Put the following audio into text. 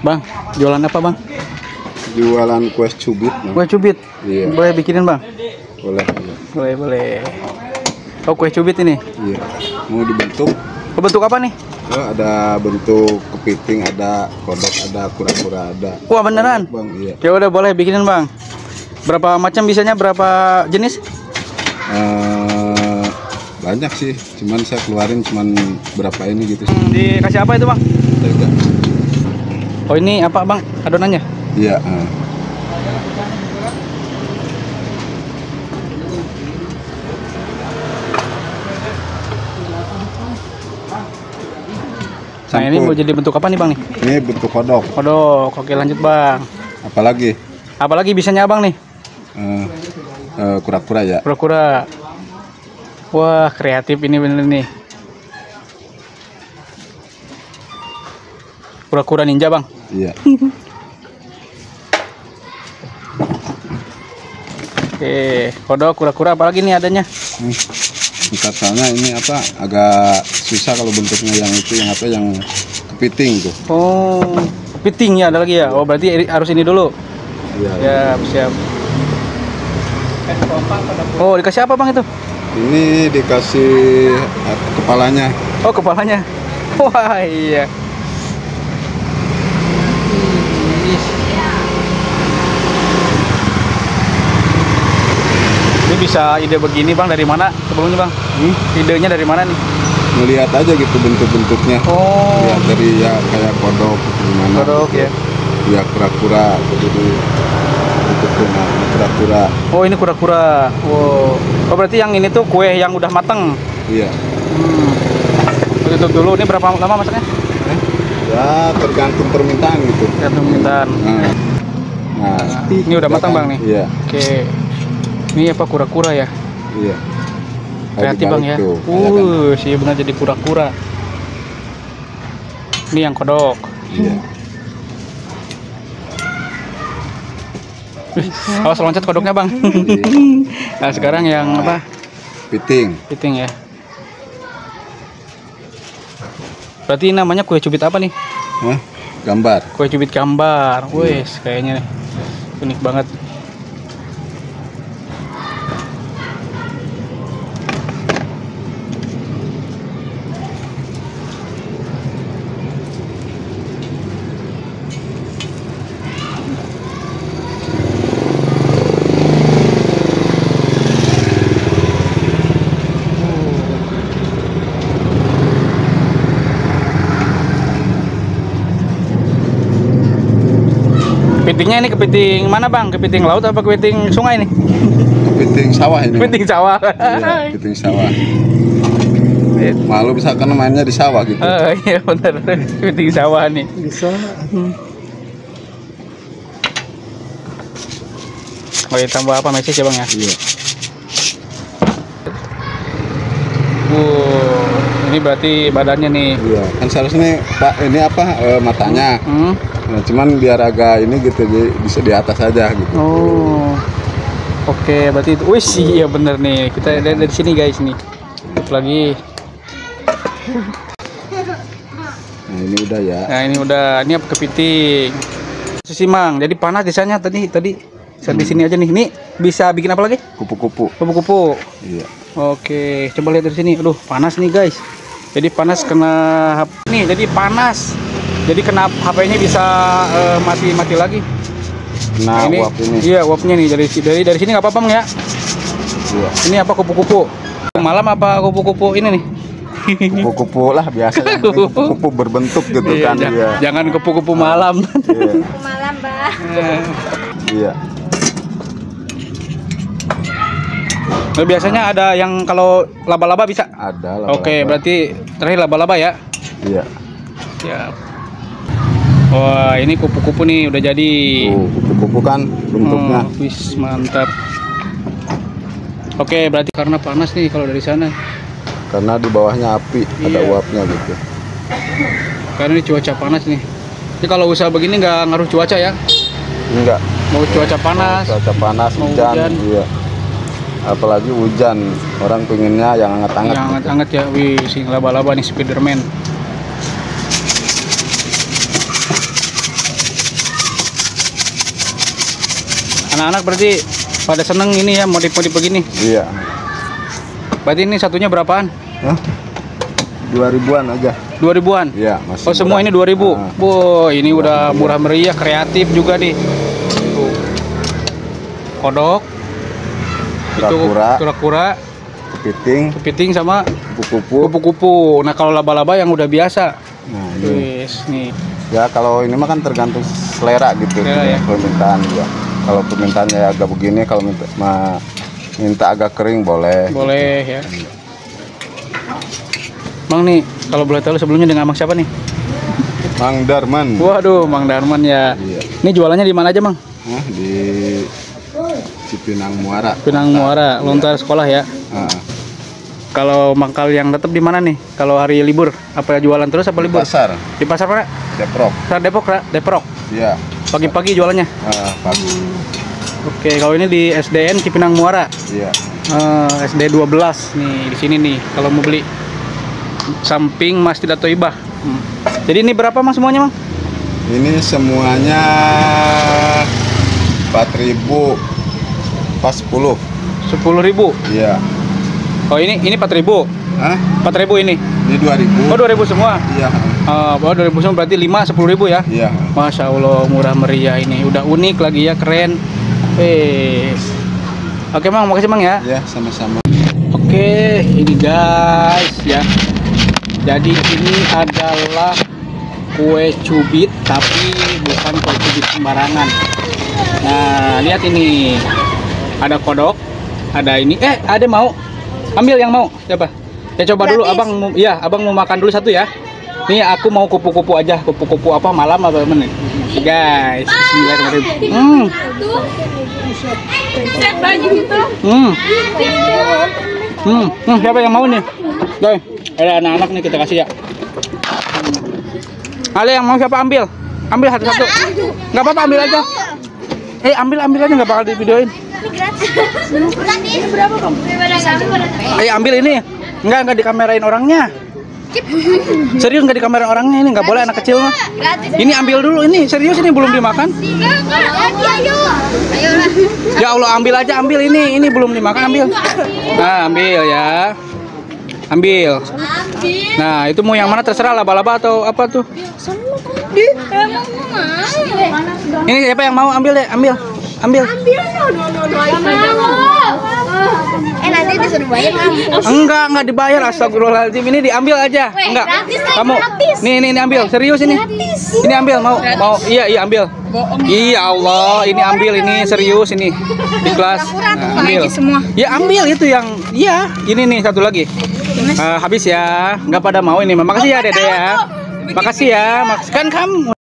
Bang, jualan apa bang? Jualan kue cubit. Bang. Kue cubit? Iya. Boleh bikinin bang? Boleh. Iya. Boleh boleh. Oh kue cubit ini? Iya. Mau dibentuk? Oh, bentuk apa nih? Oh, ada bentuk kepiting, ada kodok, ada kura-kura, ada. Wah beneran? Bang, iya. Ya udah boleh bikinin bang. Berapa macam bisanya? Berapa jenis? Uh, banyak sih. Cuman saya keluarin cuman berapa ini gitu. Sih. Dikasih apa itu bang? Oh ini apa bang adonannya? Iya. Uh. Nah ini mau jadi bentuk apa nih bang nih? Ini bentuk kodok. Kodok. Oke lanjut bang. Apalagi? Apalagi bisanya abang nih? Eh, eh, kura-kura uh, uh, ya. Kura-kura. Wah kreatif ini bener nih. Kura-kura ninja bang? Iya. Oke, kodok kura-kura apalagi nih adanya? Hmm. Misalnya ini apa agak susah kalau bentuknya yang itu yang apa yang kepiting tuh. Oh, kepiting ya ada lagi ya. Oh, berarti harus ini dulu. Iya. Ya, siap. Oh, dikasih apa Bang itu? Ini dikasih eh, kepalanya. Oh, kepalanya. Wah, iya. bisa ide begini bang dari mana sebelumnya bang? Hmm? Idenya dari mana nih? Melihat aja gitu bentuk-bentuknya. Oh. Lihat dari ya kayak kodok gimana. Kodok gitu. ya. kura ya, kura-kura gitu. Kura-kura. Oh ini kura-kura. Wow. Oh berarti yang ini tuh kue yang udah mateng. Iya. Hmm. Tutup dulu. Ini berapa lama masaknya? Eh? Ya tergantung permintaan gitu. Tergantung permintaan. Nah, nah ini udah matang bang nih. Iya. Oke. Okay. Ini apa kura-kura ya? Iya. Kreatif bang ya. Tuh, uh, sih benar jadi kura-kura. Ini yang kodok. Iya. Awas loncat kodoknya bang. Iya. nah sekarang yang apa? Piting. Piting ya. Berarti namanya kue cubit apa nih? Hah? Gambar. Kue cubit gambar. Iya. Wih, Wes kayaknya nih. unik banget. kepitingnya ini kepiting mana bang? Kepiting laut apa kepiting sungai nih? Kepiting sawah ini. Kepiting sawah. Iya, kepiting sawah. Iya. Malu bisa kan mainnya di sawah gitu. Oh, iya benar, kepiting sawah nih. Bisa. Hmm. ya, tambah apa message ya bang ya? Iya. Wow ini berarti badannya nih iya kan seharusnya pak ini apa e, matanya hmm? nah, cuman biar agak ini gitu jadi bisa di atas aja gitu oh oke okay, berarti itu wih sih iya bener nih kita lihat dari sini guys nih lagi nah ini udah ya nah ini udah ini apa kepiting susi mang jadi panas desanya tadi tadi saya hmm. di sini aja nih ini bisa bikin apa lagi kupu-kupu kupu-kupu iya Oke, coba lihat dari sini. Aduh, panas nih guys jadi panas kena nih jadi panas jadi kena HP-nya bisa uh, masih eh, mati lagi nah, ini uap ini. iya uapnya nih dari dari dari sini nggak apa-apa ya iya. ini apa kupu-kupu malam apa kupu-kupu ini nih kupu-kupu lah biasa kan. kupu-kupu berbentuk gitu iya, kan jangan, iya. jangan kupu-kupu malam iya. kupu malam mbak. iya, iya. Nah, biasanya ada yang kalau laba-laba bisa? Ada laba-laba. Oke, berarti terakhir laba-laba ya? Iya. Siap. Wah, ini kupu-kupu nih udah jadi. Oh, kupu-kupu kan bentuknya. Oh, wis, mantap. Oke, berarti karena panas nih kalau dari sana. Karena di bawahnya api, iya. ada uapnya gitu. Karena ini cuaca panas nih. Jadi kalau usaha begini nggak ngaruh cuaca ya? Enggak. Mau cuaca panas. Mau cuaca panas, mau hujan. hujan. Iya apalagi hujan orang pinginnya yang hangat-hangat yang hangat-hangat gitu. ya wih sing laba-laba nih Spiderman anak-anak berarti pada seneng ini ya modif-modif begini iya berarti ini satunya berapaan? Dua ribuan ribuan aja Dua ribuan. iya masih oh semua ini dua ribu. Ah. Wow, ini udah murah meriah kreatif juga nih kodok kura-kura kura-kura kepiting kepiting sama kupu-kupu kupu-kupu nah kalau laba-laba yang udah biasa nah ini iya. yes, nih ya kalau ini mah kan tergantung selera gitu selera, ya. permintaan juga kalau permintaannya agak begini kalau minta ma, minta agak kering boleh boleh gitu. ya iya. Mang nih kalau boleh tahu sebelumnya dengan Mang siapa nih Mang Darman waduh Mang Darman ya iya. ini jualannya di mana aja Mang di Cipinang Muara. Cipinang Muara, iya. lontar sekolah ya. Ah. Kalau mangkal yang tetap di mana nih? Kalau hari libur, apa jualan terus apa libur? Di pasar. Di pasar mana? Depok. Pasar Depok, Ra? Depok. Iya. Pagi-pagi jualannya? Uh, pagi. Oke, kalau ini di SDN Cipinang Muara. Iya. Uh, SD 12 nih di sini nih kalau mau beli samping Masjid Ibah. Hmm. Jadi ini berapa Mas semuanya, Mang? Ini semuanya 4000 pas 10 10 ribu? iya oh ini ini 4 ribu? Hah? 4 ribu ini? ini 2 ribu oh 2 ribu semua? iya eh, oh 2 ribu semua berarti 5 10 ribu ya? iya Masya Allah murah meriah ini udah unik lagi ya keren eh oke mang makasih mang ya iya sama-sama oke ini guys ya jadi ini adalah kue cubit tapi bukan kue cubit sembarangan nah lihat ini ada kodok ada ini eh ada mau ambil yang mau siapa ya coba Gratis. dulu abang ya abang mau makan dulu satu ya ini aku mau kupu-kupu aja kupu-kupu apa malam apa menit guys Bismillahirrahmanirrahim hmm. Eh, gitu? Hmm. Hmm. hmm siapa yang mau nih Doi, ada anak-anak nih kita kasih ya Ale yang mau siapa ambil ambil satu-satu Gak apa-apa ambil aja eh ambil ambil aja nggak bakal di Ayo eh, ambil ini. Enggak enggak dikamerain orangnya. Serius nggak dikamerain orangnya ini nggak boleh anak kecil mah. Ini ambil dulu ini serius ini belum dimakan. Ya Allah ambil aja ambil ini ini belum dimakan ambil. Nah ambil ya. Ambil. Nah itu mau yang mana terserah lah laba atau apa tuh. Ini siapa yang mau ambil deh ambil ambil ambil no no no eh nanti enggak enggak dibayar astagfirullahaladzim ini diambil aja enggak eh, kamu nih nih ini ambil serius ini ini ambil mau mau iya iya ambil Iya Allah, ini ambil ini serius nah, ini. di kelas ambil. Ya ambil itu yang iya, ini nih satu lagi. Eh, habis ya. nggak pada mau ini. Makasih ya Dede ya. Makasih ya. Makasih kan kamu